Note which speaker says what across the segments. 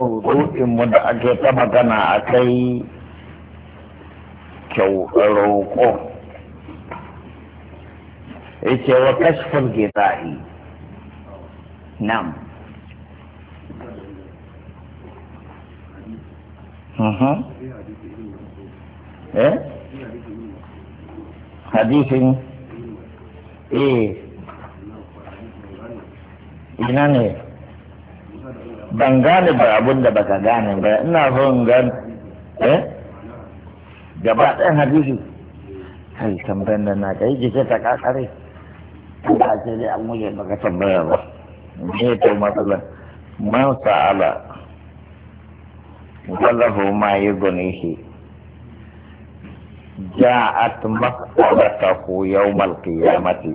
Speaker 1: mawudu'inmu da ake ta magana a kai roƙo yake wa nam mm-hmm. eh? hadisin eh ina ne ban gane ba abun da baka gane ba ina son gan eh gaba ɗayan hadisi kai tambayar da na kai jike ta kakare ba ce dai an wuce baka tambaya ba me to matsala man sa'ala wallahu ma yughnihi ja'at mas'alatahu yawm al-qiyamati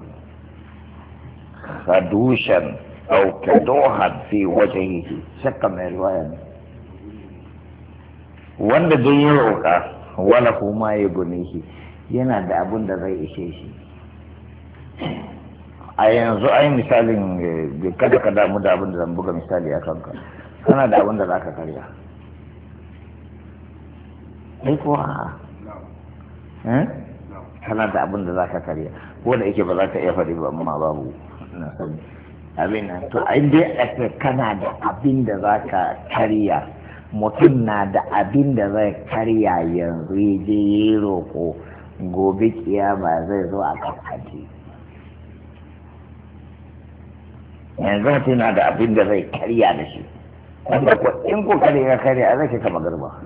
Speaker 1: Hadushan. أو كدوحد في وجهه شك من الرواية وان دنيا وله ما يبنيه ينا دا أبون زي إشيشي a yanzu ai misalin eh, kada ka damu da abin da zan buga misali a kanka kana da abin da za ka karya ai ko eh? kana da abin da za ka karya ko yake ba za ka iya faɗi ba amma babu na sani abin nan to ai dai ake kana da abin da za ka karya mutum na da abin da zai karya yanzu ya je yi roƙo gobe kiyama zai zo a kafaji yanzu mutum na da abin da zai karya da shi in ko karya a zai kama garba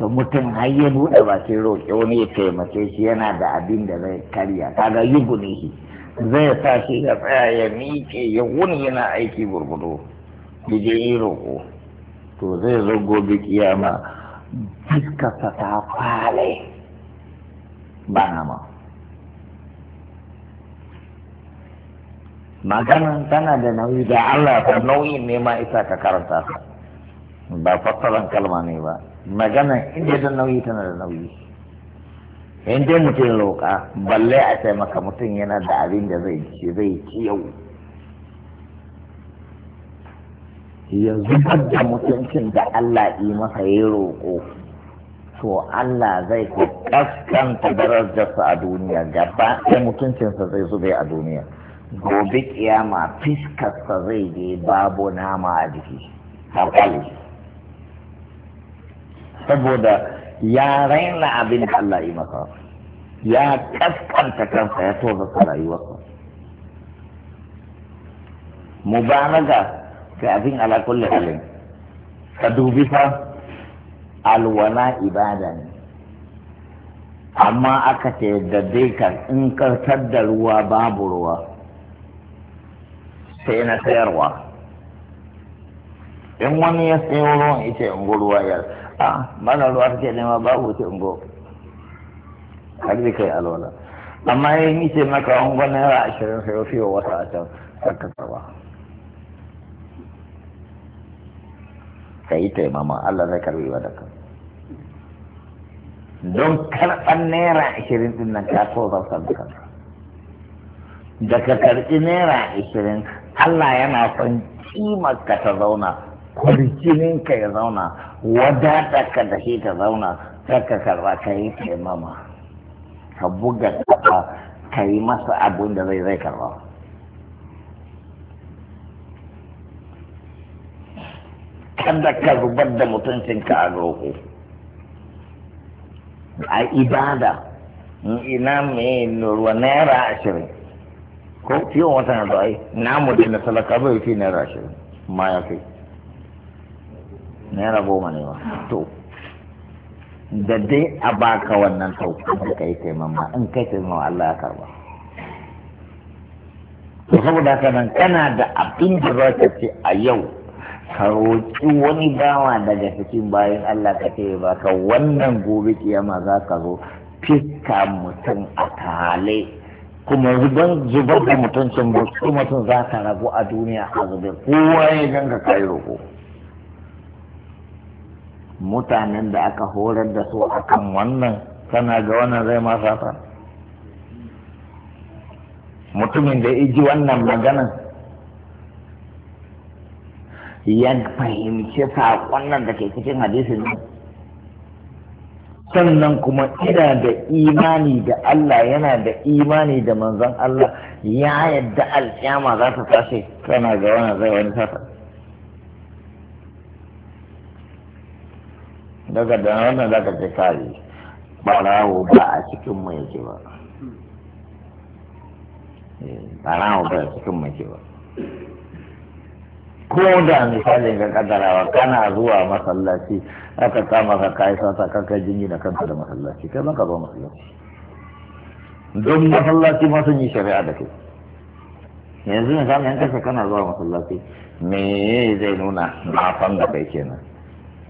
Speaker 1: to mutum har ya buɗe sai roƙe wani ya taimake shi yana da abin da zai karya kaga yugu ne shi zai sa shi ya tsaya ya miƙe ya wuni yana aiki gurgudu ya je yi roƙo to zai zo gobe kiyama fuskarsa ta kwale ba nama Magana tana da nauyi da Allah ta nauyin ne ma isa ka karanta ba fassaran kalma ne ba Magana inda da nauyi tana da nauyi in dai mutum roƙa balle a sai maka mutum yana da abin da zai ci zai ci yau ya zubar da mutuncin da Allah yi masa ya roƙo to Allah zai ku kaskanta darajarsa a duniya gaba ɗaya mutuncinsa zai zube a duniya gobe kiyama fiskarsa zai je babu nama a jiki haƙali saboda ya raina abin da Allah yi masa ya kaskanta kansa ya Mu rayuwarsa mubalaga ga abin ala kulli halin ka dubi fa alwala ibada ne amma aka ce da dai ka in kartar da ruwa babu ruwa sai na sayarwa in wani ya sayo ruwan ita in ruwa a mana ruwa take nema babu wuce ungo har zai kai alwala amma ya yi ce maka an gwana naira ashirin sai fiye wata a can saka karba ka yi taimama Allah zai karbi wa da don karɓar naira ashirin din nan ka so zartar da kan, daga karɓi naira ashirin Allah yana son kimar ka ta zauna kurjinin ka ya zauna wadata ka da shi ta zauna sai ka karba ka yi taimama ka buga kafa ka yi masa abin da zai zai karba kada ka zubar da mutuncinka a roƙo a ibada ina mai ruwa naira ashirin ko fiye wata na da ai namu da na talaka bai fi naira ashirin ma ya kai naira goma ne ba to da dai a baka wannan sauƙi da kai taimama in kai taimama Allah ya karba to saboda haka nan kana da abin da za ka ce a yau ka roƙi wani bawa daga cikin bayan Allah ka ce ka wannan gobe kiyama za ka zo fiska mutum a tale kuma zuban zubar da mutuncin mutum za ka rabu a duniya a zube kowa ya ganga kai roƙo mutanen da aka horar da su akan wannan kana ga wannan zai ma sata mutumin da iji wannan maganan ya fahimci saƙon nan da ke cikin hadisin nan sannan kuma ina da imani da Allah yana da imani da manzon Allah ya yadda alƙiyama za ta tashi kana ga wannan zai wani sata daga da wannan za ka ce kare barawo ba a cikin mu yake ba barawo eh, ba a cikin mu yake ba ko da misalin ga kadarawa kana zuwa masallaci aka kama ka kai sata kan kai jini da kanka da masallaci kai ba ka zo masallaci don masallaci ma sun yi shari'a da kai yanzu misalin yanka kana zuwa masallaci me zai nuna na san da kai kenan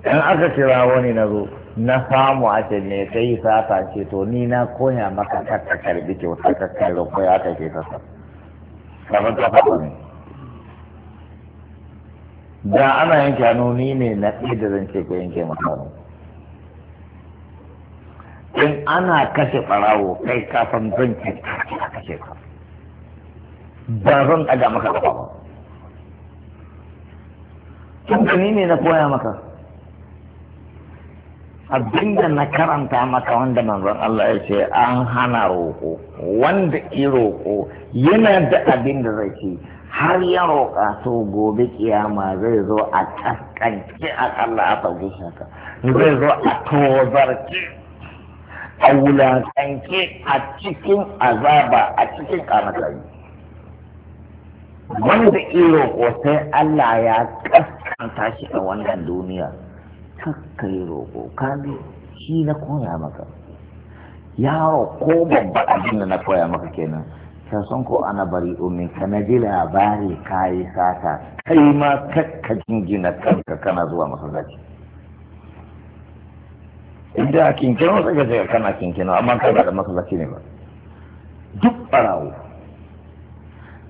Speaker 1: in aka kira wani na zo na samu a ce me kai sata ce to ni na koya maka kakka karbi wata kakka da koya aka ke sassa kamar ta faɗa ne da ana yanke hannu ni ne na ɗaya da zan ce ko yanke maka hannu in ana kashe ɓarawo kai kafin zan ce a kashe ka ba zan ɗaga maka ƙafa ba tun ni ne na koya maka abinda na karanta maka wanda manzon Allah ya ce an hana roƙo wanda i roƙo yana da abin da zai ci har ya roƙa to gobe kiyama zai zo a kaskanci Allah a sauke shaka zai zo a tozarci a wulaƙanci a cikin azaba a cikin ƙanakari wanda i roƙo sai Allah ya kaskanta shi a wannan duniya kakka yi roƙo kalu shi na koya maka yaro ko babba abin da na koya maka kenan sassan ko ana bari umin ka na ji labari ka yi sata kai ma kakka jingina kanka kana zuwa masallaci inda kinkinu sai ka kana kinkinu amma kai ba da masallaci ne ba duk barawo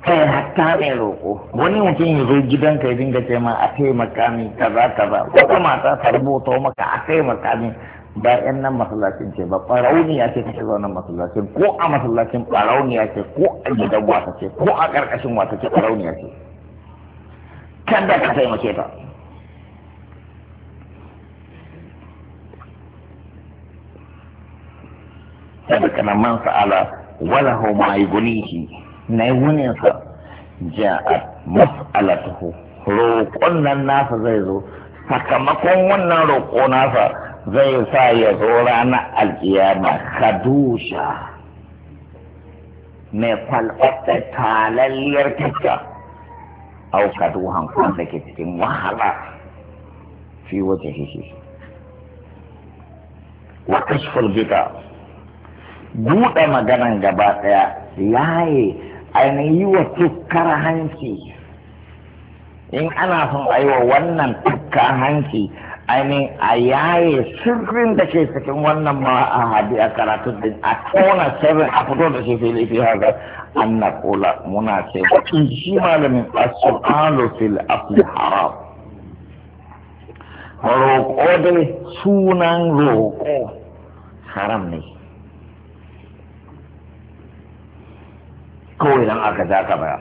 Speaker 1: kai hatta ne roƙo wani mutum ya zo gidanka ya dinga ce ma a taimaka min kaza kaza ta mata ta rubuta maka a taimaka min ba yan nan masallacin ce ba ya ce kake zaunan masallacin ko a masallacin ya ce ko a gidan wata ce ko a ƙarƙashin wata ce ya ce kada ka taimake ta kada kana man sa'ala wala huma yugunihi na yi wuninsa ja'at mas'alatuhu roƙon nan nasa zai zo sakamakon wannan roƙo nasa zai sa ya zo ranar alkiyama kadusha mai falɓaɓɓe talalliyar kicca au kaduhan kwan da ke cikin wahala fi wace hishi wa kashful bida buɗe maganan gaba ɗaya yaye ainihin yi wa tukkar hanci in ana son a yi wa wannan tukkar hanci ainihin a yaye sirrin da ke cikin wannan ma a hadi a karatun din a tona sirrin a fito da shi fili fi haka an na kula muna ce in shi malamin as-su'alu fil asli haram roƙo dai sunan roƙo haram ne kawai nan aka ja ka baya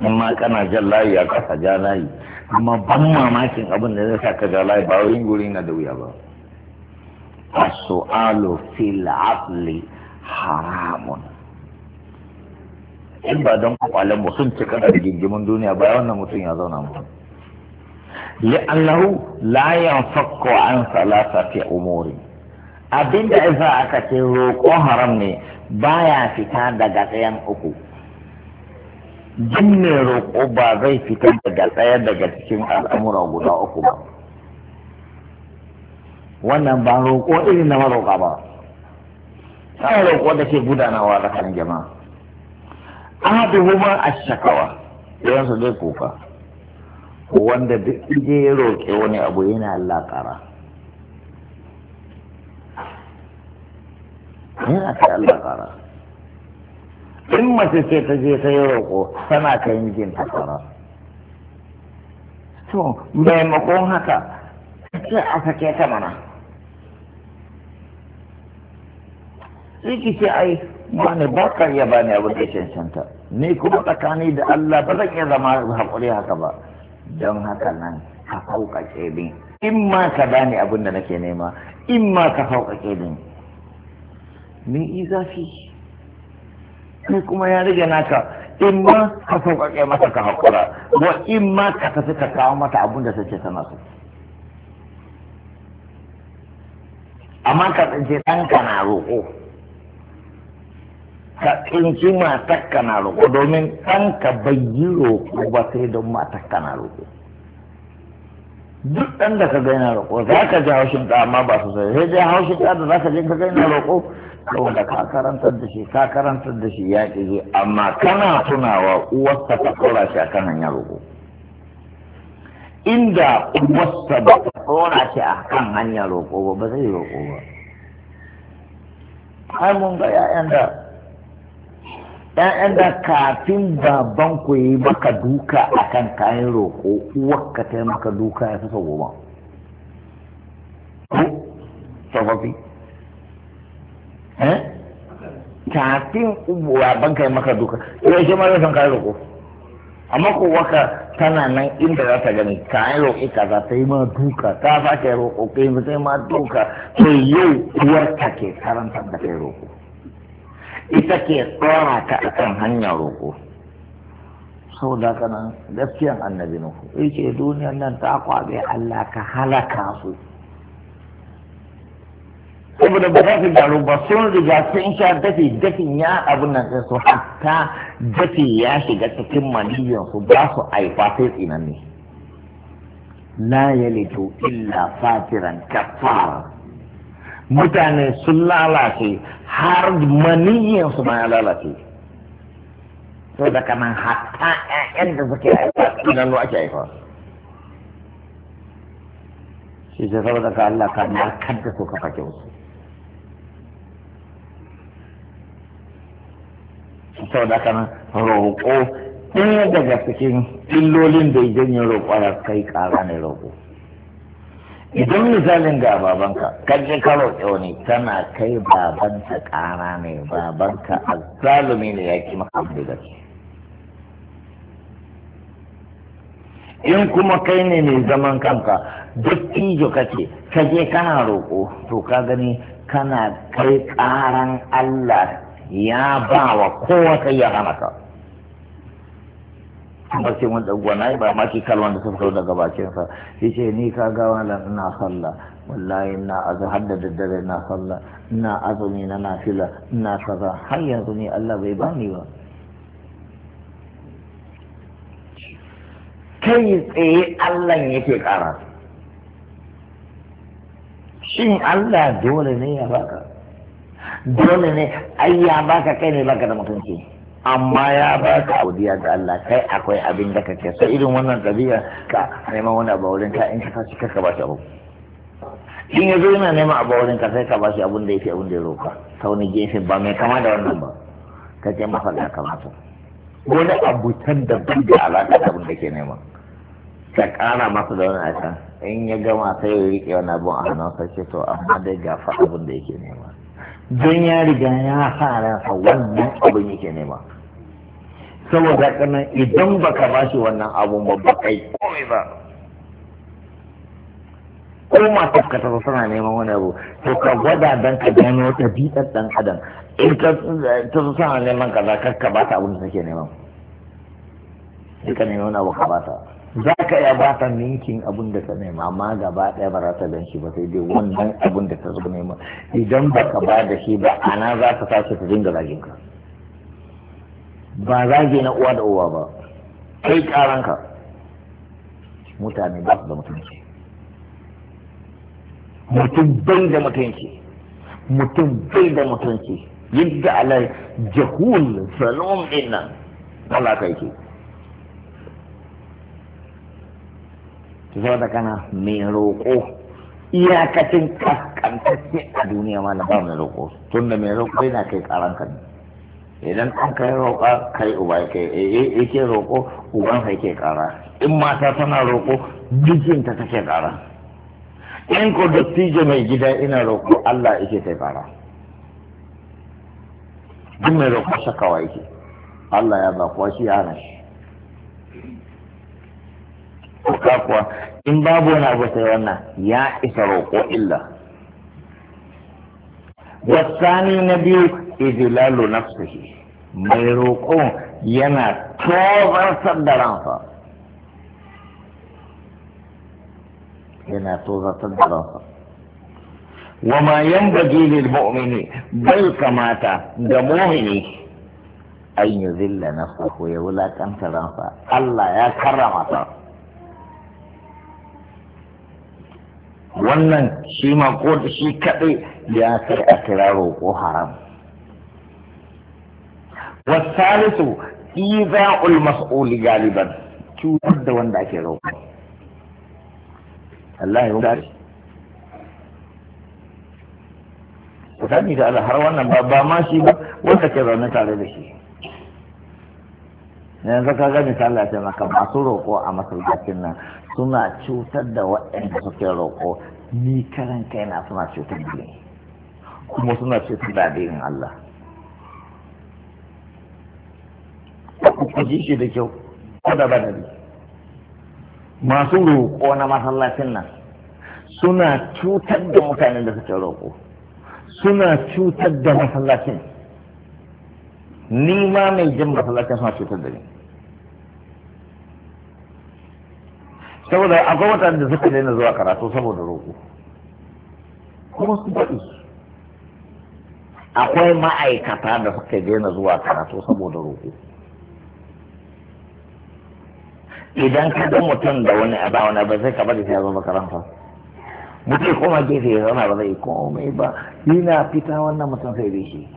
Speaker 1: amma kana jan layi a kasa ja layi amma ban mamakin abin da zai sa ka ja layi ba wurin guri na da wuya ba as-su'alu fil aqli haramun in ba don kwakwalen mutum cika da gingimin duniya ba wannan mutum ya zauna mutum لأنه لا ينفك عن ثلاثة أمور abin da sa aka ce roƙo haram ne baya fita daga tsayan uku jin mai roƙo ba zai fita daga tsaye daga cikin al'amura guda uku ba wannan ba roƙo irin na maroƙa ba sai roƙo da ke gudanawa tsakanin jama'a ahaduhuma a shakawa su zai kuka wanda duk ya roƙe wani abu yana lakara. yana kai Allah kara in mace ce ta je ta yi roƙo tana kai mijin ta kara to maimakon haka sai a sake ta mana rikici ai ba ne ba ka iya ba ne abin da cancanta ni kuma tsakani da Allah ba zan iya zama haƙuri haka ba don haka nan ka sauƙaƙe ƙebin in ma ka bani abin da nake nema in ma ka sauƙaƙe ƙebin min yi zafi kai kuma ya rage naka in ma ka sauƙaƙe mata ka haƙura wa in ma ka tafi ka kawo mata abin da take tana so amma ka ɗan ka na roƙo ka tsinci ka na roƙo domin ka bai yi roƙo ba sai don ka na roƙo duk ɗan da ka gaina roƙo za ka ji haushin ɗa amma ba su sai sai dai haushin ɗa da za ka je ka gaina roƙo saboda ka karantar da shi ka karantar da shi ya ƙi amma kana tunawa uwarsa ta ɗora shi a kan hanyar roƙo inda uwarsa ba ta ɗora shi a kan hanyar roƙo ba ba zai roƙo ba ai mun ga 'ya'yan da ‘ya'yan da kafin baban ku yi maka duka a kan kayan roƙo ka ta yi maka duka ya fi sau goma. Sababi. Eh? kafin ubuwa ban kai maka duka ya shi ma zai san kai roƙo amma ko waka tana nan inda za ta gani ka yi roƙi ka za ta yi ma duka ta sake roƙo ka yi sai ma duka to yau ta ke karanta da kai roƙo ita ke tsora ka akan hanyar roƙo saboda haka gaskiyan annabi nuhu yake duniyar nan ta kwabe Allah ka halaka su saboda ba za su gyaru ba sun riga sun sha dafi dafin ya abin nan su hatta dafi ya shiga cikin maniyyar su ba su aifa sai tsinan ne la yalitu illa fatiran kafara mutane sun lalace har maniyyar su ma ya lalace to da kanan hatta ƴaƴan da suke aifa tsinan ake aifa shi sai saboda ka Allah ka na kadda su ka fake wasu sau da kana roƙo ɗaya daga cikin illolin da janyo roƙo kai ƙara ne roƙo idan misalin ga babanka kan je ka roƙe wani tana kai babanta ƙara ne babanka azzalumi ne ya ki maka abu da in kuma kai ne mai zaman kanka duk ijo ce ka je kana roƙo to ka gani kana kai ƙaran Allah ya ba wa kowa kai ya hana ka bakin wanda yi ba ma ki kalwan da suka daga bakinsa shi ce ni ka ga wala ina sallah wallahi ina azhar da daddare ina sallah ina azumi na nafila ina kaza har yanzu ni Allah bai bani ba kai tsaye Allah yake kara shin Allah dole ne ya baka dole ne ai ya baka kai ne baka da mutunci amma ya baka godiya ga Allah kai akwai abin da kake so irin wannan dabi'a ka neman wani abu wurin ka in ka tashi ka ka bashi abu in ya yana neman abu wurin ka sai ka bashi abun da yake abun da ya roka ta wani gefe ba mai kama da wannan ba ka ce masa da kamata wani abu can da bai da alaƙa da abin da ke nema ka kara masa da wani aka in ya gama sai ya riƙe wani abun a hannun sai ce to amma dai fa abun da yake nema don ya riga ya fara a wannan abin yake nema saboda kanan idan baka ba shi wannan abun ba ba kai komai ba ko masu ka tafi suna neman wani abu to ka gwada don ka gano bitar dan adam in ka tafi suna neman kaza za ka ba ta abin da take neman ka neman wani abu ka ba ta za ka iya ba ta ninkin abin da ta nema amma gaba ɗaya ba za ta gan shi ba sai dai wannan abin da ta zo nema idan ba ka ba da shi ba ana za ka sace ta dinga zagin ka ba zage na uwa da uwa ba kai ka mutane ba su da mutunci mutum bai da mutunci mutum bai da mutunci yadda alai jahul salom ɗin nan ka yake Ki zo da kana mai roƙo iyakacin kaskantacce a duniya ma na ba mai roƙo tun da mai roƙo yana kai karan ka idan an kai roƙa kai uba kai eh, eh, yake roƙo uban ka yake kara in mata tana roƙo ta take kara in ko dattijo mai gida ina roƙo Allah yake kai kara duk mai roƙo shakawa yake Allah ya ba kuwa shi ya kuka kuwa in babu wani abu sai wannan ya isa roƙo illa wasani na biyu izilalu nafsihi mai roƙo yana tozartar da ransa yana tozartar da ransa wama yanbaghi lil mu'mini bai kamata ga mu'mini an yuzilla nafsahu ya wulaƙanta ransa Allah ya karrama ta wannan shi ma ko da shi kaɗai ya kai a kira roƙo haram wasalisu iza'ul mas'uli galiban cutar da wanda ake roƙo Allah ya wuce ku sani da Allah har wannan ba ma shi ba wanda ke zaune tare da shi yanzu ka ga misali a ce maka masu roƙo a masallacin nan suna cutar da waɗanda suke roƙo ni karan kaina suna cutar da ni kuma suna cutar da addinin Allah ku ji shi da kyau ko da badari masu roƙo na masallacin nan suna cutar da mutanen da suke roƙo suna cutar da masallacin ni ma mai jin masallacin suna cutar da ni saboda akwai wata da suka daina zuwa karatu saboda roƙo kuma su faɗi akwai ma'aikata da suka daina zuwa karatu saboda roƙo idan ka ga mutum da wani a wani ba sai ka bari sai ya zo makaranta mutum kuma gefe ya zama ba zai komai ba yana fita wannan mutum sai bai shi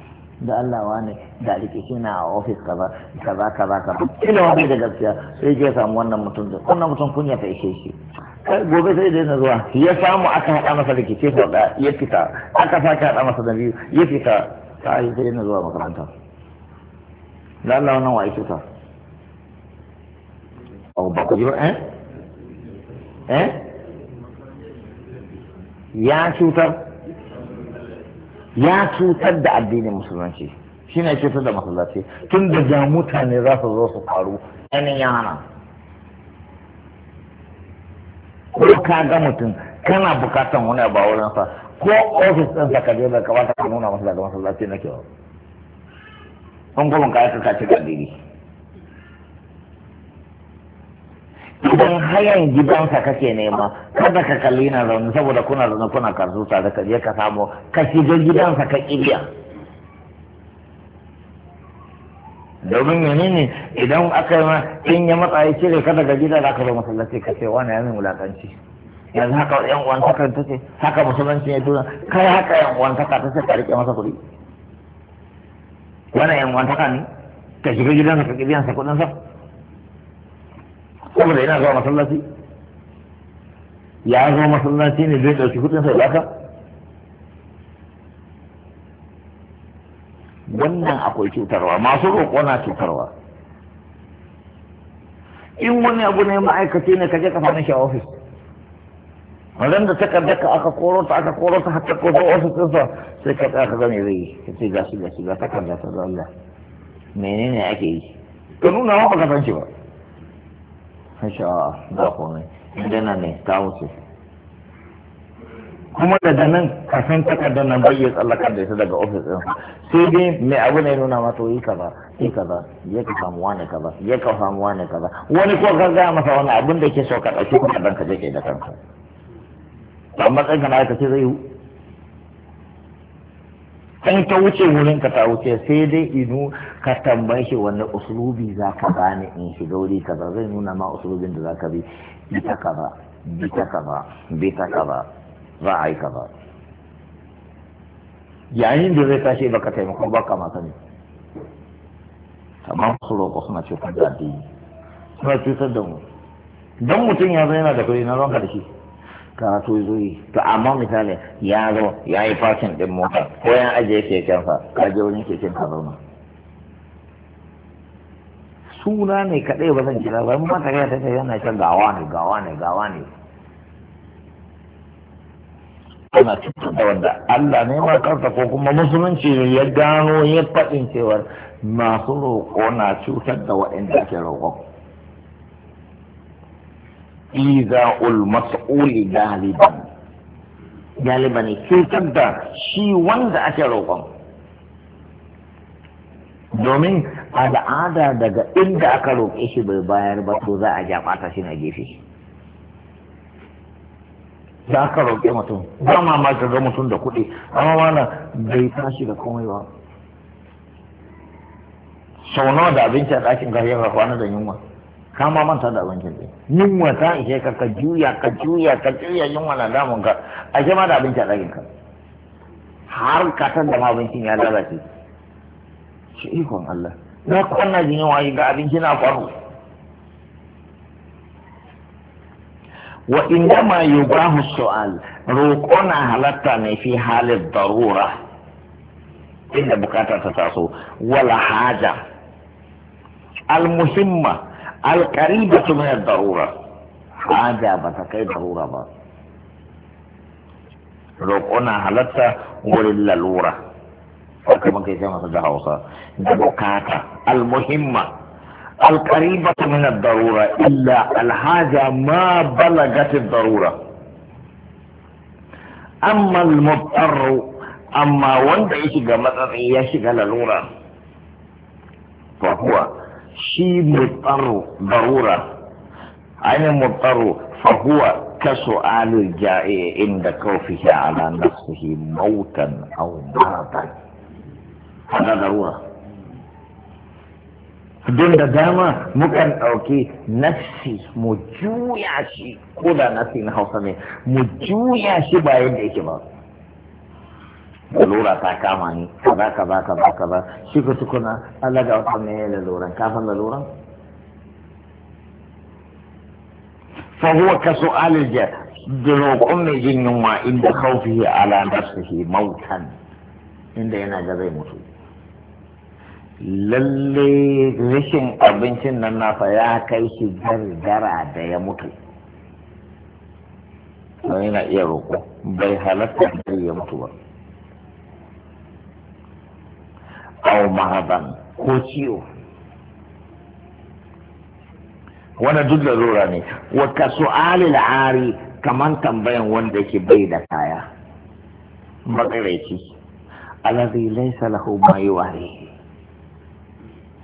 Speaker 1: da Allah wani da rikici na a ofis kaza kaza kaza kaza kila wani da gaskiya sai ke samu wannan mutum da wannan mutum kunya ta ishe shi gobe sai dai na zuwa ya samu aka haɗa masa da kike da ya fita aka sake haɗa masa da biyu ya fita sai dai na zuwa makaranta da Allah wannan wai ishe au ba ku ji ba eh eh ya cutar ya cutar da addinin musulunci shi ne cutar da masallaci tun da ja mutane za su zo su faru ɗanin hana. ko ka ga mutum kana bukatan wani abu a wurinsa ko ofis ɗinsa ka je da kamata ka nuna masa daga masallaci na kyau. Kun kuma ka yi ka da ga idan hayan gidanka kake nema kada ka kalli na zaune saboda kuna zaune kuna karsu tare ka je ka samu ka shiga gidansa ka kibiya. domin ne idan aka yi ma in ya matsa ya cire ka daga gida za ka zo masallaci ka ce wani yamin wulakanci yanzu haka yan uwan kan ta ce haka musulunci ya tuna kai haka yan uwan ka ta ce ka rike masa kuɗi wani yan uwan ka ne ka shiga gidansa ka kuɗin kuɗinsa saboda yana zuwa masallaci ya zo masallaci ne zai ɗauki kudin sai baka wannan akwai cutarwa masu roƙo na cutarwa in wani abu ne ma'aikaci ne kaje ka shi a ofis wajen da takardar ka aka koro ta aka koro ta hatta ko ta ofis ɗinsa sai ka tsaya ka zame zai yi ka ce gashi gashi ga takarda ta zalla menene ake yi ka nuna wa ba ka san shi ba insha Allah ba komai dana ne ta wuce kuma daga nan kafin takardar nan bai ya tsallakar da ita daga ofis ɗin sai dai mai abu ne nuna ma to yi kaza yi kaza ya ka samu wani kaza ya ka samu wani kaza wani ko ka gaya masa wani abin da ke so ka ɗauki kuma ɗan ka je ke da kanka amma tsanka na aikace zai yi in ta wuce wurin ka ta wuce sai dai inu ka tambaye shi wani usulubi za ka bani in shiga wuri kaza zai nuna ma usulubin da za ka bi bi ta ba bi ta ba bi ta ba za a yi ba yayin da zai tashi baka taimako baka masani. sani amma su roƙo suna cutar da addini suna cutar da mu don mutum ya zai yana da kuɗi na ranka da shi karatu zuri to amma misali ya zo ya yi fashin din mota ko ya ajiye keken fa ka je wurin keken ka zauna suna ne kadai ba zan kira ba mun mata kai ta sai yana can gawa ne gawa ne gawa ne ana cutar da wanda Allah ne ma karta ko kuma musulunci ne ya gano ya faɗin cewar masu roƙo na cutar da waɗanda ake roƙo. iza'ul mas'uli galiban galiban cutar da shi wanda ake roƙon domin al'ada daga inda aka roƙe shi bai bayar ba to za a ja ɓata shi na gefe da aka roƙe mutum ba ma ma ga mutum da kuɗi amma wannan bai tashi da komai ba sau nawa da abinci a ɗakin gari ya kwana da yunwa ka ma manta da abincin ɗin yunwa ta ishe ka ka juya ka juya ka juya yunwa na damun ka a shi ma da abinci a ɗakin ka har ka san da ma abincin ya lalace shi ikon Allah na kwanna jin yunwa ga abinci na faru wa ma yubahu su'al roƙo na halatta ne fi halin darura inda bukata ta taso wala haja al muhimma القريبة من الضرورة حاجة بتقي ضرورة بس لو كنا حلتا ولل الورة فكما كي سيما سجاها وصا المهمة القريبة من الضرورة إلا الحاجة ما بلغت الضرورة أما المضطر أما وانت يشيك مثلا يشيك للورة فهو shi mutsaro barura ainihin mutsaro fahuwa كسؤال الجائع عند خوفه على نفسه موتا او مرضا هذا ضروره don da dama mukan ɗauki nafsi mu juya shi ko da nafsi na hausa ne mu juya shi ba yadda yake ba lura ta kama ni kaza kaza kaza kaza shi ka tukuna Allah ga wata ne lura ka san lura fa huwa ka su'al ja roƙon mai jin yunwa inda khawfihi ala nafsihi mautan inda yana ga zai mutu lalle rashin abincin nan nasa ya kai shi gargara da ya mutu yana iya roƙo bai halatta da ya mutu ba au maraban ko ciwo wani duk da zura ne wa ka su'alil ari kaman tambayan wanda yake bai da kaya matsiraici alazai laisa lahu mai ware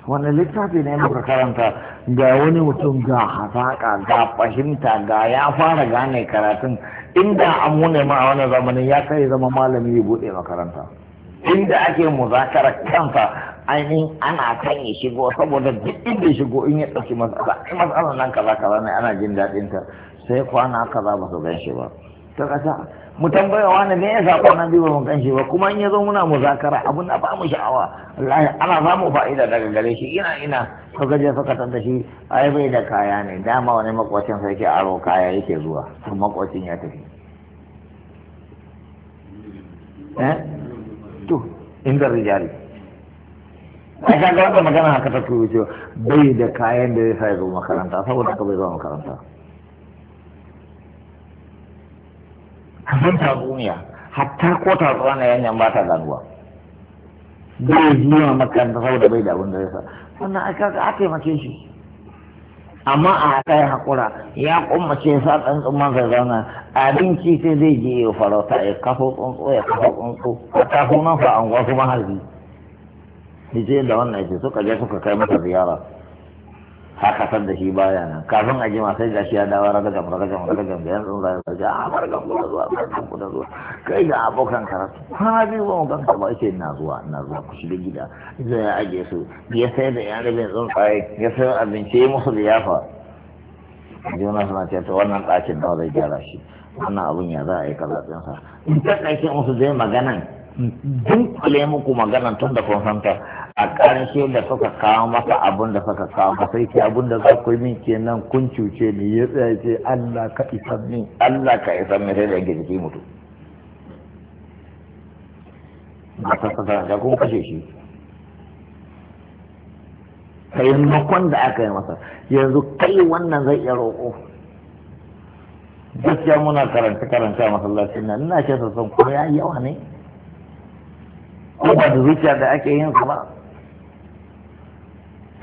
Speaker 1: wani littafi ne muka karanta ga wani mutum ga hazaƙa ga fahimta ga ya fara gane karatun inda an mune ma a wani zamanin ya kai zama malami ya buɗe makaranta inda ake muzakarar kansa ainihin ana kan ya shigo saboda duk inda shigo in ya ɗauki matsala in matsalar nan kaza kaza ne ana jin daɗin ta sai kwana kaza ba su gan shi ba ta ƙasa mu tambaya wani ya zaɓa na biyu ba mu gan shi ba kuma in ya zo muna muzakara abun na ba mu sha'awa ana samu fa'ida daga gare shi ina ina ka gaje suka tanta shi ai bai da kaya ne dama wani makwacin sai ke aro kaya yake zuwa makwacin ya tafi eh? الست عند الرجال Aisha ga da magana haka ta turu cewa bai da kayan da ya sa zo makaranta saboda ka bai zuwa makaranta. Kasan tatsuniya hatta ko tatsuwa na yanyan ba ta ganuwa. Bai zuwa makaranta saboda bai da abin da ya sa. Wannan aka aka taimake shi. amma a haka ya haƙura ya ce sa ɗan tsumman ka zauna abinci sai zai je ya farauta ya kafo tsuntsu ya kafo tsuntsu a tafi nan fa an wasu mahazi Ni da wannan ce suka je suka kai masa ziyara. haka san da shi baya nan kafin a jima sai gashi ya dawo raga gam raga gam raga gam yan tsuntsaye sai ya a ah, barkan ku da zuwa barkan ku da zuwa kai ga abokan karatu ha bi ba mu ganka ba ce ina zuwa ina zuwa ku shiga gida zai ya aje su ya sai da yan rabin tsuntsaye ya sai abinci ya musu liyafa juna suna ce ta wannan ɗakin da zai gyara shi wannan abun ya za a yi kaza ɗinsa in ta ɗakin musu zai maganan dunkule muku maganan tun da kun san ta a ƙarshe da suka kawo masa abun da suka kawo masa ke abun da za ku yi min kenan kun cuce ni ya tsaya ce Allah ka isa min Allah ka isa min sai da yake jiki mutu ba ta sasa da kun kashe shi Sai makon da aka yi masa yanzu kai wannan zai iya roƙo gaskiya muna karanta karanta masallacin nan ina ce sassan ko ya yi yawa ne ko ba da zuciya da ake yin sa ba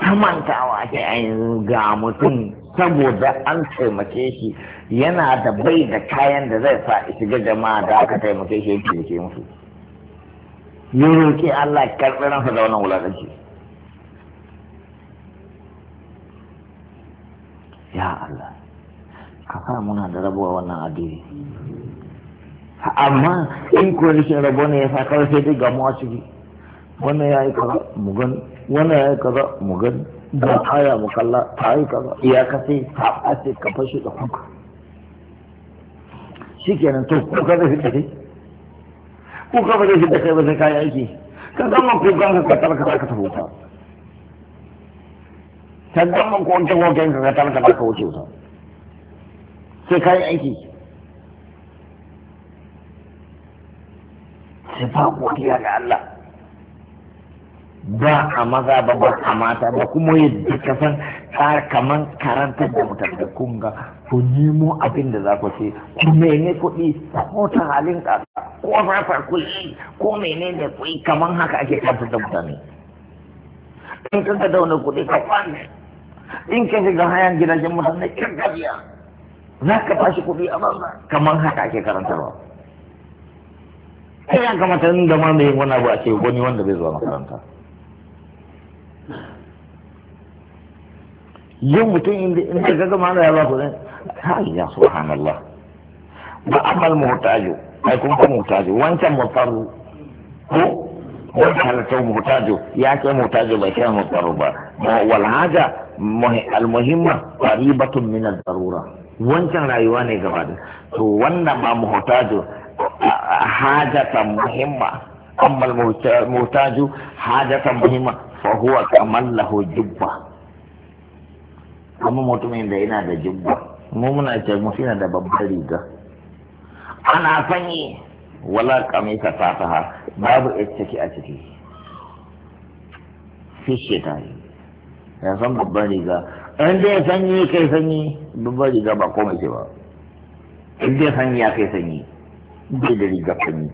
Speaker 1: ta mantawa ke yanzu ga mutum saboda an taimake shi yana da bai da kayan da zai sa shiga jama'a da aka taimake shi ya yake musu ya roƙi Allah ya karɓi ransa da wannan wulaƙanci ya Allah ka sa muna da rabuwa wannan addini amma in ko rashin rabo ne ya sa kawai sai duk gamuwa ciki wannan ya yi kaza mu gani wannan ya yi kaza mu gani da haya mu kalla ta yi kaza ya kace ta ace ka fashe da kuka shi kenan to kuka ka zai da kai ku ba zai fita da kai ba sai kayi aiki ka ku kukan ka katar ka ka tafi wuta ka gama kukan kukan ka katar ka ka wuce wuta sai yi aiki sai ba godiya ga Allah ba a maza ba ba a mata ba kuma yadda ka san kaman karantar da mutum kunga ku nemo abin da za ku ce ku mene kuɗi ko ta halin ƙasa ko rafar ku ko mene ne ku yi kaman haka ake karantar da mutane in ka ga dauna kuɗi ka kwane in ka shiga hayan gidajen mutane kyan gabiya za ka fashi kuɗi a banza kaman haka ake karantarwa sai ya kamata in da ma mai wani abu a ce wani wanda bai zuwa makaranta yau mutum inda inda gaga mana ya ba ku ne hayya subhanallah ba amal jo. ai kun ga muhtaju wancan mutarru ko wanda halatta muhtaju ya ce muhtaju bai kai mutarru ba wal haja almuhimma muhimma qaribatun min al darura wancan rayuwa ne gaba da to wannan ba haja ta muhimma amma al haja ta muhimma Fahuwa kamar laho lahu jubba kuma mutumin da yana da jubba mu muna ce mu yana da babbar riga ana sanyi wala kamisa ha babu ciki a ciki fishe ta yi ya san babbar riga in dai sanyi kai sanyi babbar riga ba komai ce ba in dai sanyi ya kai sanyi bai da riga sanyi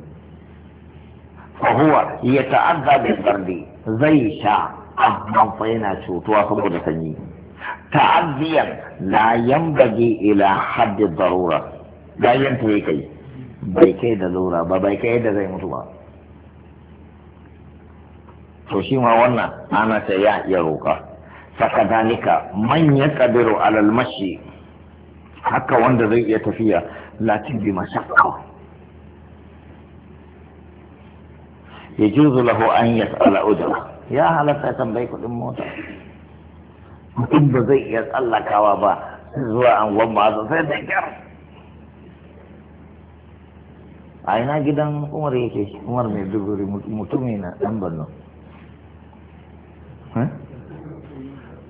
Speaker 1: Fahuwa ya ta'adda bil bardi zai sha amma fa yana cutuwa saboda sanyi Ta'aziyan la yambagi ila haddi darura bayan ta kai bai kai da zura ba bai kai da zai mutu ba to shi ma wannan ana ta ya iya roƙa saka dalika man ya kadiru alal mashi haka wanda zai iya tafiya lakin bi mashakka ya juzu lahu an yas'ala ujira ya halatta ya tambayi kuɗin mota mutum ba zai iya tsallakawa ba zuwa anguwan ba sai da kyar a ina gidan umar yake umar mai duburi mutumi na ɗan borno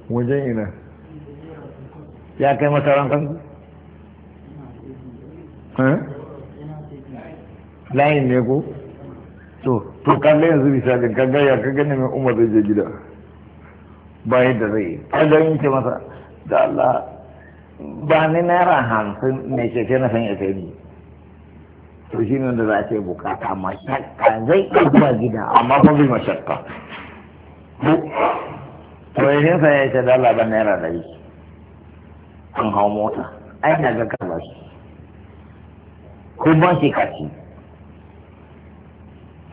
Speaker 1: wajen ina ya kai masarar kanku layin ne ko to to kaga yanzu ka ga ya kaga ne mai umar zai je gida bayan da zai da yin ce masa da Allah ba ni naira hamsin mai keke na san ya kai ni to shi ne da za a ce bukata mashakka zai iya zuwa gida amma fa bai mashakka to yanzu sa ya ce da Allah ba naira yi an hau mota ai na ga kabashi ko kuma shi kashi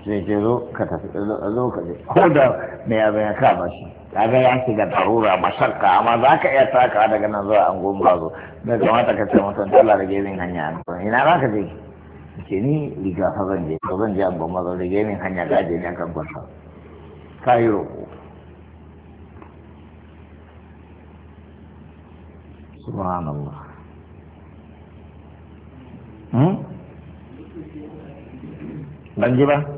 Speaker 1: sai ce zo ka tafi zo ka je ko da me ya zai ka ba shi kaga ya shiga tarura masarka amma za ka iya taka daga nan zuwa an goma zo da kamata ka ce mutum tala da gemin hanya ina za ka je ce ni riga fa zan je ko zan je an goma zo da gemin hanya ka je ne a kan gwasa ka yi roƙo subhanallah hmm? ban ji ba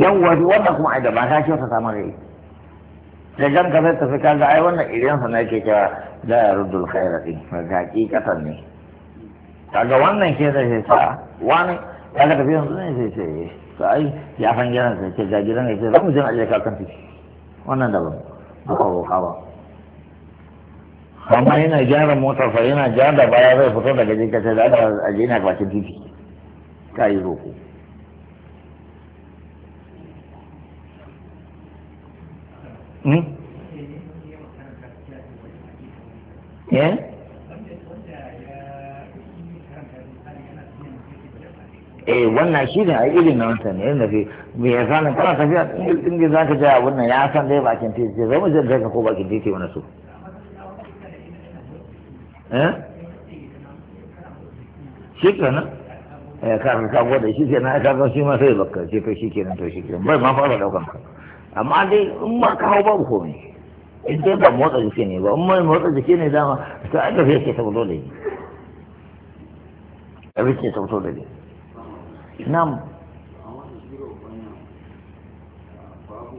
Speaker 1: yau waje wannan kuma ai da ba kashi kyauta ta mara yi da jan ka sai tafi kaga ai wannan irin sa nake cewa ya yarudul khaira din ga hakikatan ne kaga wannan ke sai sa wani ga tafi yanzu ne sai sai to ai ya san gina sai ce ga gidan ne sai mu je aje ka kan wannan daban ba ko ka ba amma yana gyara motar fa yana gyara da baya zai fito daga jikin sai da aka aje na bakin titi kai roko Hmm? eh wannan shi ne a irin na wancan ne yadda fi mai ya sanin kana tafiya in da za ka ja wannan ya san dai bakin titi zai mu zai ka ko bakin titi wani su eh? shi nan eh ka kafin gode shi nan ka kafin shi ma sai bakka shi to shi kenan to shi ke nan, bai ma fara daukan ka amma dai in ma ka hau babu komai in dai ba motsa jiki ne ba in ma motsa jiki ne dama ta aka fiye ke da ni abin ke tabbato da ni nam wanda in ba ko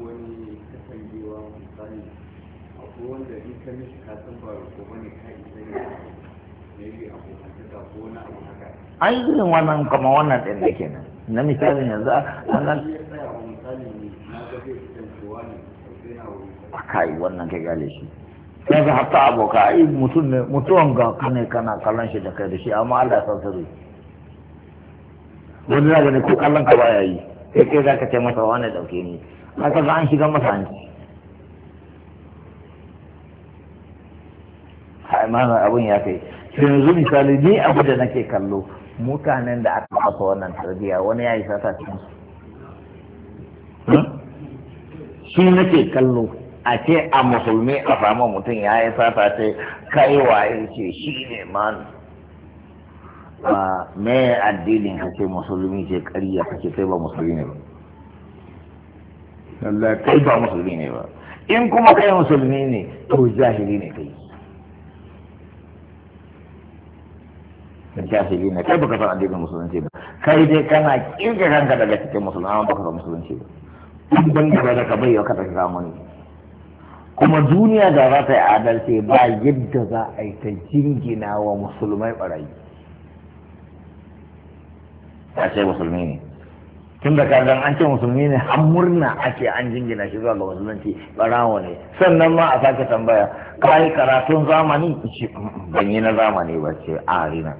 Speaker 1: bane irin wannan kama wannan din da nan na misalin yanzu an nan kai wannan kai gale shi
Speaker 2: sai ka hatta aboka
Speaker 1: ai mutum ne mutuwan ga kane kana kallon shi da kai da shi amma Allah ya san sirri wani na ne ko kallon ka baya yi sai kai za ka ce masa wani dauke ni haka ga an shiga masa hanci imanin abun ya kai sai yanzu misali ni abu da nake kallo mutanen da aka kafa wannan tarbiyya wani ya yi sata cikin su hmm? nake kallo a ce a musulmi a samu mutum ya yi sata ce kai waye ce shi ne man me addinin ka ce musulmi ce kariya ka ce kai ba musulmi ne ba kai ba musulmi ne ba in kuma kai musulmi ne to jahili ne kai kan kafiri ne kai baka san addinin musulunci ba kai dai kana kirga kanka daga cikin musulmi amma baka san musulunci ba ban gaba ba da ka bayyana ka ta kira kuma duniya da za ta yi adalci ba yadda za a yi ta jingina wa musulmai barayi a ce musulmi ne tun da kagan an ce musulmi ne an murna ake an jingina shi zuwa ga musulunci barawo ne sannan ma a sake tambaya ka yi karatun zamani mm, mm, ban yi na zamani ba ce a harina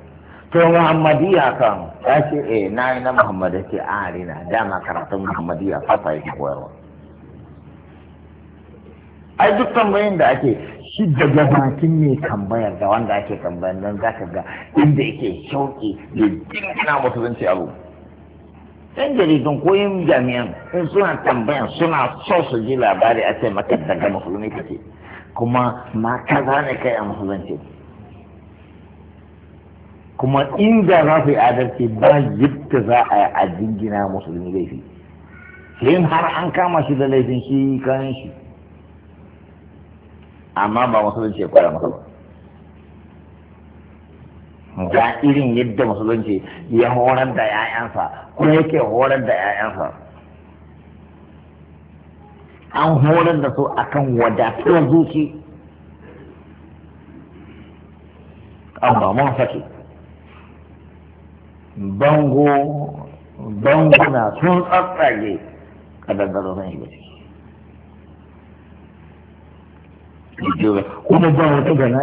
Speaker 1: to muhammadiya kan ya ce eh na yi na muhammadiya ce a harina dama karatun muhammadiya fata yake koyarwa ai duk tambayin da ake shi da gabatin ne tambayar da wanda ake tambayar nan za ka ga inda yake shauƙi da dingina musulunci abu yan jaridun ko yin jami'an in suna tambayan suna so su ji labari a sai maka daga musulmi kake kuma ma ka zane kai a musulunci kuma inda za su yi adalci ba yadda za a yi a jingina musulmi laifi sai har an kama shi da laifin shi kayan shi amma ba musulunci ya koya masa ba ga irin yadda musulunci ya horar da 'ya'yansa ko yake horar da 'ya'yansa an horar da su akan wadatar zuci an ba mun sake bango banguna sun tsatsage kadangaro zan yi kuma ba wata gana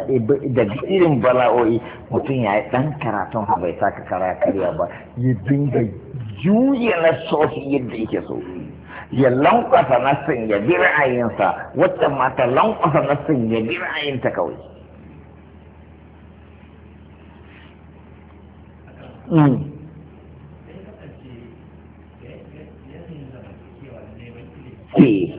Speaker 1: da irin bala'o'i mutum ya yi ɗan karatun ha bai saka kara karya ba ya dinga juya na sofi yadda yake so ya lankwasa nassin ya bi ra'ayinsa wata mata lankwasa nassin ya bi ra'ayinta kawai hmm. eh.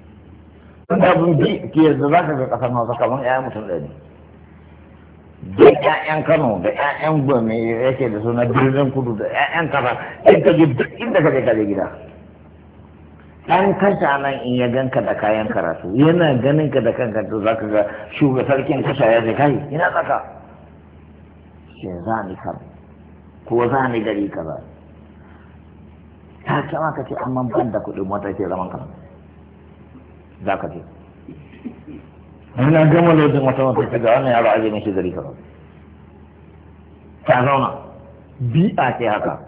Speaker 1: da abin bi ke yanzu za ka ga ƙasar hausa kamar ya mutum ɗari da ƴaƴan kano da ƴaƴan gome yake da suna birnin kudu da ƴaƴan kafa in ka je duk inda ka je ka je gida ɗan kasha nan in ya ganka da kayan karatu yana ganin ka da kanka to za ka ga shugaban sarkin kasha ya je kai ina tsaka shi za ni kan ko za ni gari kaza ta kama ka ce amma ban da kuɗin mota ke zaman kanu za ka je ina gama lodin wata wata ta ga wannan yaro aje ne shi gari kaza ta zauna bi'a ce haka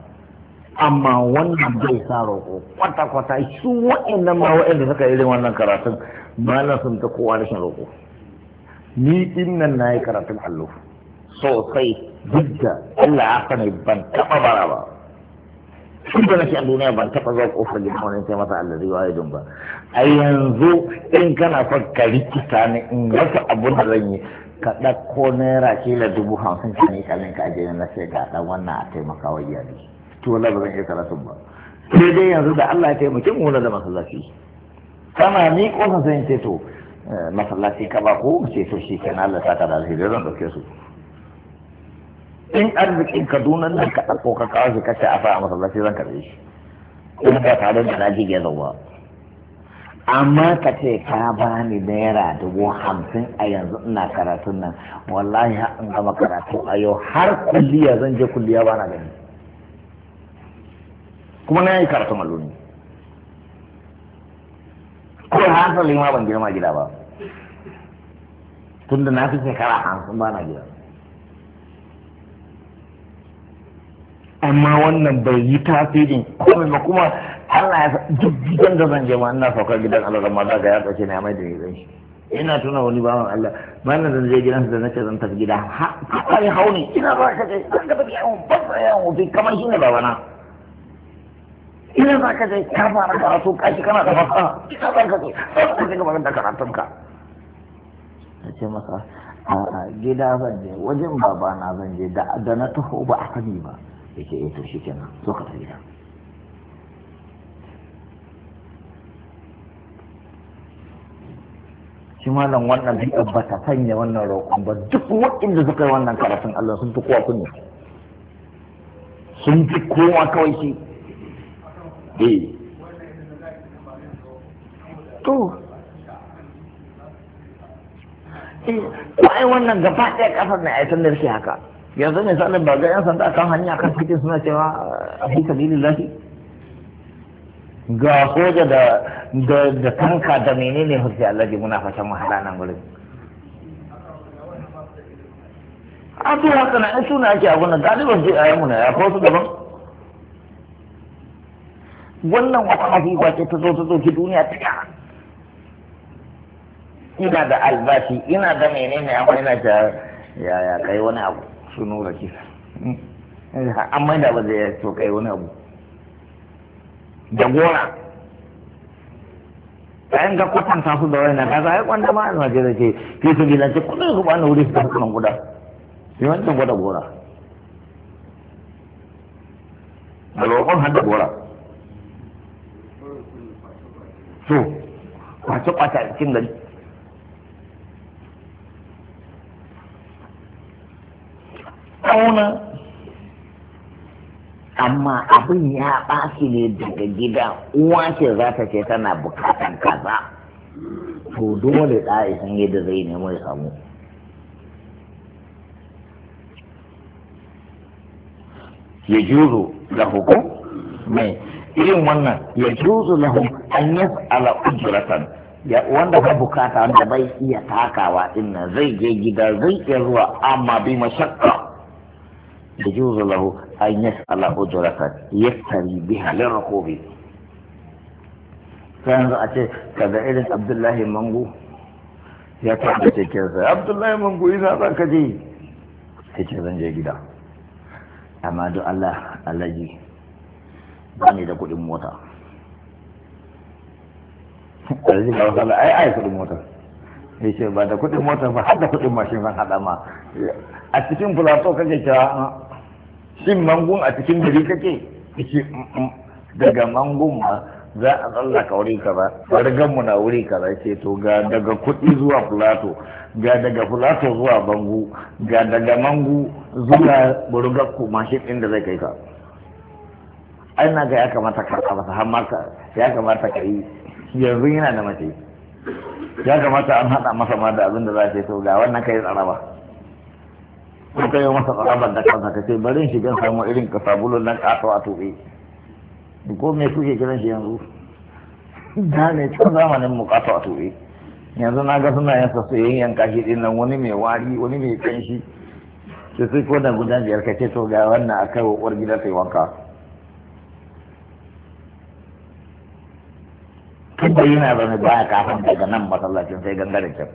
Speaker 1: amma wannan bai sa roƙo kwata-kwata su waɗannan ma waɗanda suka irin wannan karatun ba na sun ta kowa rashin roƙo ni innan na yi karatun allo sosai duk da Allah ya sani ban taɓa bara ba tun da nake a duniya ban taɓa zuwa ƙofar gidan wani sai masa allazi wa don ba a yanzu in kana son ka rikita ni in wasu abun da zan yi ka ɗauko naira kila dubu hamsin ka ne kalin ka ajiye na sai ka ɗan wannan a taimaka wa iyali to wala ba zan iya karatun ba sai dai yanzu da Allah ya taimake mu da masallaci kana ni ƙofar sai ce to eh, masallaci ka ba ko ce to shi kenan Allah ta da alheri zan ɗauke su in arzikin kaduna nan ka ɗauko ka kawo shi kashe a fara masallaci zan karɓe shi In ka tare da na jige zauwa amma ka ce ka ba ni naira dubu hamsin a yanzu ina karatun nan wallahi har in gama karatu a yau har kulliya zan je kulliya ba na gani kuma na yi karatun maloni ko hankali ma ban girma gida ba tunda na fi shekara hamsin ba na gida amma wannan bai yi tasirin komai ba kuma Allah ya duk gidan da zan je ma ina saukar gidan Allah ma za ka ya tsace na mai da ni zai ina tuna wani mu Allah bayan zan je gidan da nace zan tafi gida ha kai hauni ina ba ka kai an ga tafi yawon ba yawo bi kamar shine babana ina ba ka kai ka fara karatu kashi kana da ba. ina ba ka kai ka ga magana karatun ka ce masa a gida zan je wajen babana zan je da na taho ba a sani ba yake yin shi kenan to ka ta gida shi malam wannan bai tabbata sanya wannan roƙon ba duk wanda suka yi wannan karatun Allah sun fi kowa kunya sun fi kowa kawai shi eh to eh ko wannan gaba ɗaya ƙasar na yi da shi haka yanzu misalin ba ga yan sanda kan hanya kan cikin suna cewa a fi sabilin lafi ga soja da da tanka da menene hujja allaji muna fatan wahala nan gurin a to haka na in suna ake abu na galiban zai a muna ya kawo su daban wannan wata hafifa ce ta zo ta zo ki duniya ta yara ina da albashi ina da menene amma ina ta yaya kai wani abu su nura kisa eh, an mai da ba zai to kai wani abu jagora gora bayan ga kwatan su da wani na kasa ya kwanta ma a zai ce fi su gina ce kudin su ba na wuri su tafi nan guda sai wancan gwada gora da lokacin hada gora so kwace kwace cikin gari auna amma abin ya ɓaci ne daga gida uwa ce za ta ce tana bukatan kaza to dole da isan yadda zai nemo ya samu ya juzo da hukum mai irin wannan ya juzo da hukum an yi ala ujratan wanda ba bukata wanda bai iya takawa inna zai je gida zai iya zuwa amma bi mashakka يجوز له أن يسأل أجرة يفتري بها للركوب كان أتي كذا إذن عبد الله منغو يا تحدث كذا عبد الله منغو إذا ذاك دي هجرا جيدا أما دو الله الذي باني da kuɗin الذي Ƙarfi ba wasu ai ai sai ce ba da kuɗin mota ba har da kuɗin mashin ban haɗa ma a cikin fulato kake cewa mm, shin mangun a cikin gari kake kake mm, mm, daga mangun ma za a ka wuri ba fargan mu na wuri kaza ce to ga daga kuɗi zuwa fulato ga daga fulato zuwa bangu ga daga mangu zuwa ku mashin ɗin da zai kai ka ai na ga ya kamata ka har ka ya kamata ka yi yanzu yana da mace ya kamata an haɗa masa ma da abin da za ce to ga wannan kai tsaraba ko kai masa tsaraba da kansa ka ce bari shi gan samu irin ka sabulun nan ƙato a tuɓe ko me kuke kiran shi yanzu da ne cikin zamanin mu ƙato a tuɓe yanzu na ga suna yansa su yin yanka shi din nan wani mai wari wani mai kanshi sai sai ko da gudan biyar ka ce to ga wannan a kai wa uwar gida sai wanka duk da yana zama baya kafin daga nan masallacin sai gangaren can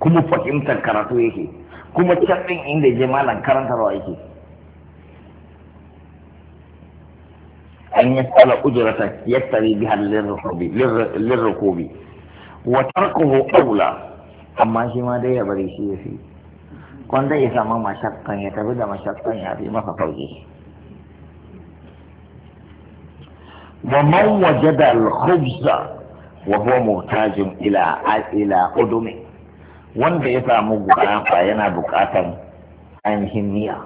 Speaker 1: kuma fahimtar karatu yake kuma can ɗin inda je malam karantarwa yake an yi tsala ujurata yattari biha lirrukubi wa tarkuhu aula amma shi ma dai ya bari shi ya fi kwanda ya samu mashakkan ya tafi da mashakkan ya fi masa sauki wa man da al-khubza wa huwa muhtajin ila ila udumi wanda ya samu gurafa yana bukatan ainihin miya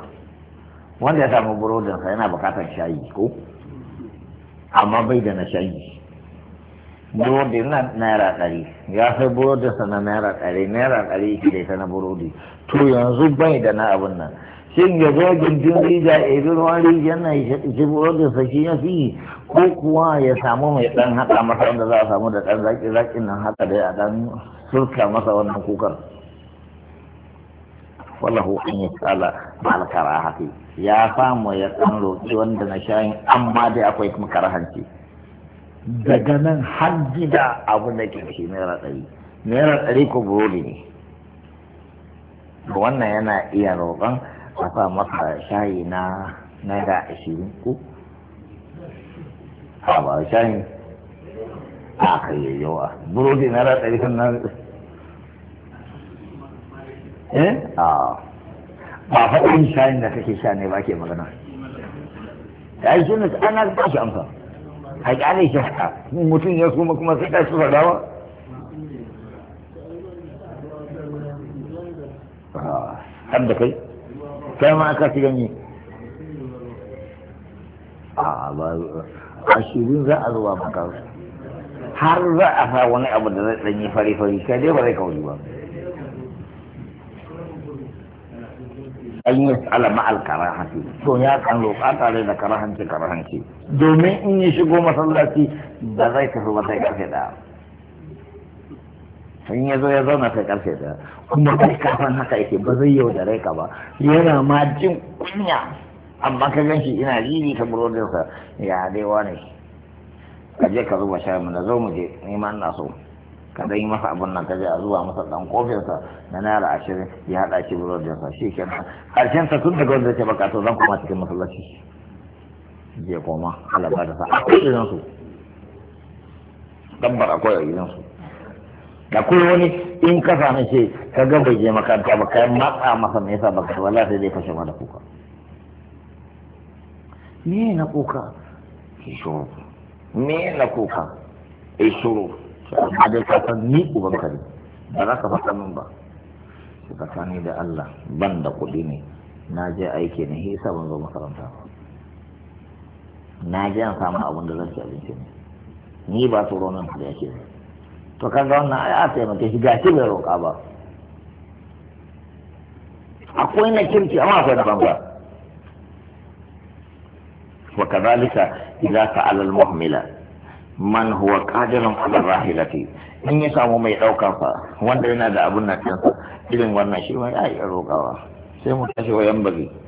Speaker 1: wanda ya samu burodinsa yana bukatan shayi ko amma bai da na shayi burodi na naira ɗari ya sai burodinsa na naira ɗari naira ɗari shi da na burodi to yanzu bai da na abin nan shin ya zo jirgin rija ya wani ruwan rijiyar na ya da saki ya fi ko kuwa ya samu mai dan haka masa wanda za a samu da dan zaki zaki nan haka da ya dan surka masa wannan kukar wallahu in yi tsala ma'al karahati ya samu ya dan roƙi wanda na shayin amma dai akwai kuma karahanci daga nan har gida abu da ke shi naira ɗari naira ɗari ko burodi ne wannan yana iya roƙon a sa masa shayi na naira ashirin ko a ba shayin a kayayyawa burodi naira ɗari kan nan eh a ba faɗin shayin da kake sha ne ba ke magana Ya yi suna ana ba shi amsa a ƙyale shi haka mutum ya suma kuma sai ta shi fadawa har da kai kai ma aka ci ganye a ba ashirin za a zuwa maka har za a sa wani abu da zai danyi fari-fari kai dai ba zai kauri ba an yi alama hanci to ya kan roƙa tare da kara hanci domin in yi shigo masallaci da zai tafi ba sai karfe ɗaya sun ya zo ya zauna kai karfe da kuma kai kafan haka yake ba zai yau da rai ka ba yana ma jin kunya amma ka gan shi ina riri ta sa ya dai wane ka je ka zuba shayin na zo mu je ni ma ina so ka dan yi masa abun nan ka je a zuwa masa dan sa na naira ashirin ya haɗa shi burodinsa shi kenan karshen sa tun daga wanda ce baka to zan kuma cikin masallaci je koma Allah ba da sa a irin dabbar akwai a gidansu da kuma wani in ka sami ce ka ga bai je makaranta ba kai matsa masa me yasa baka wala sai zai fashe mana da kuka me na kuka ki shuru me na kuka ke shuru amma dai ka san ni uban ka ne ba za ka faɗa min ba ni da Allah ban da kuɗi ne na je aiki ne hisa ban zo makaranta ba na je an samu abin da zan ci abinci ne ni ba tsoro nan da yake ne to kaga wannan ai ya taimake shi shi bai roƙa ba akwai na kirki amma akwai na banza wa kadhalika idza ta'ala al-muhmila man huwa qadirun ala rahilati in ya samu mai ɗauka fa wanda yana da abun nan irin wannan shi mai ya roƙawa sai mu tashi wayan bari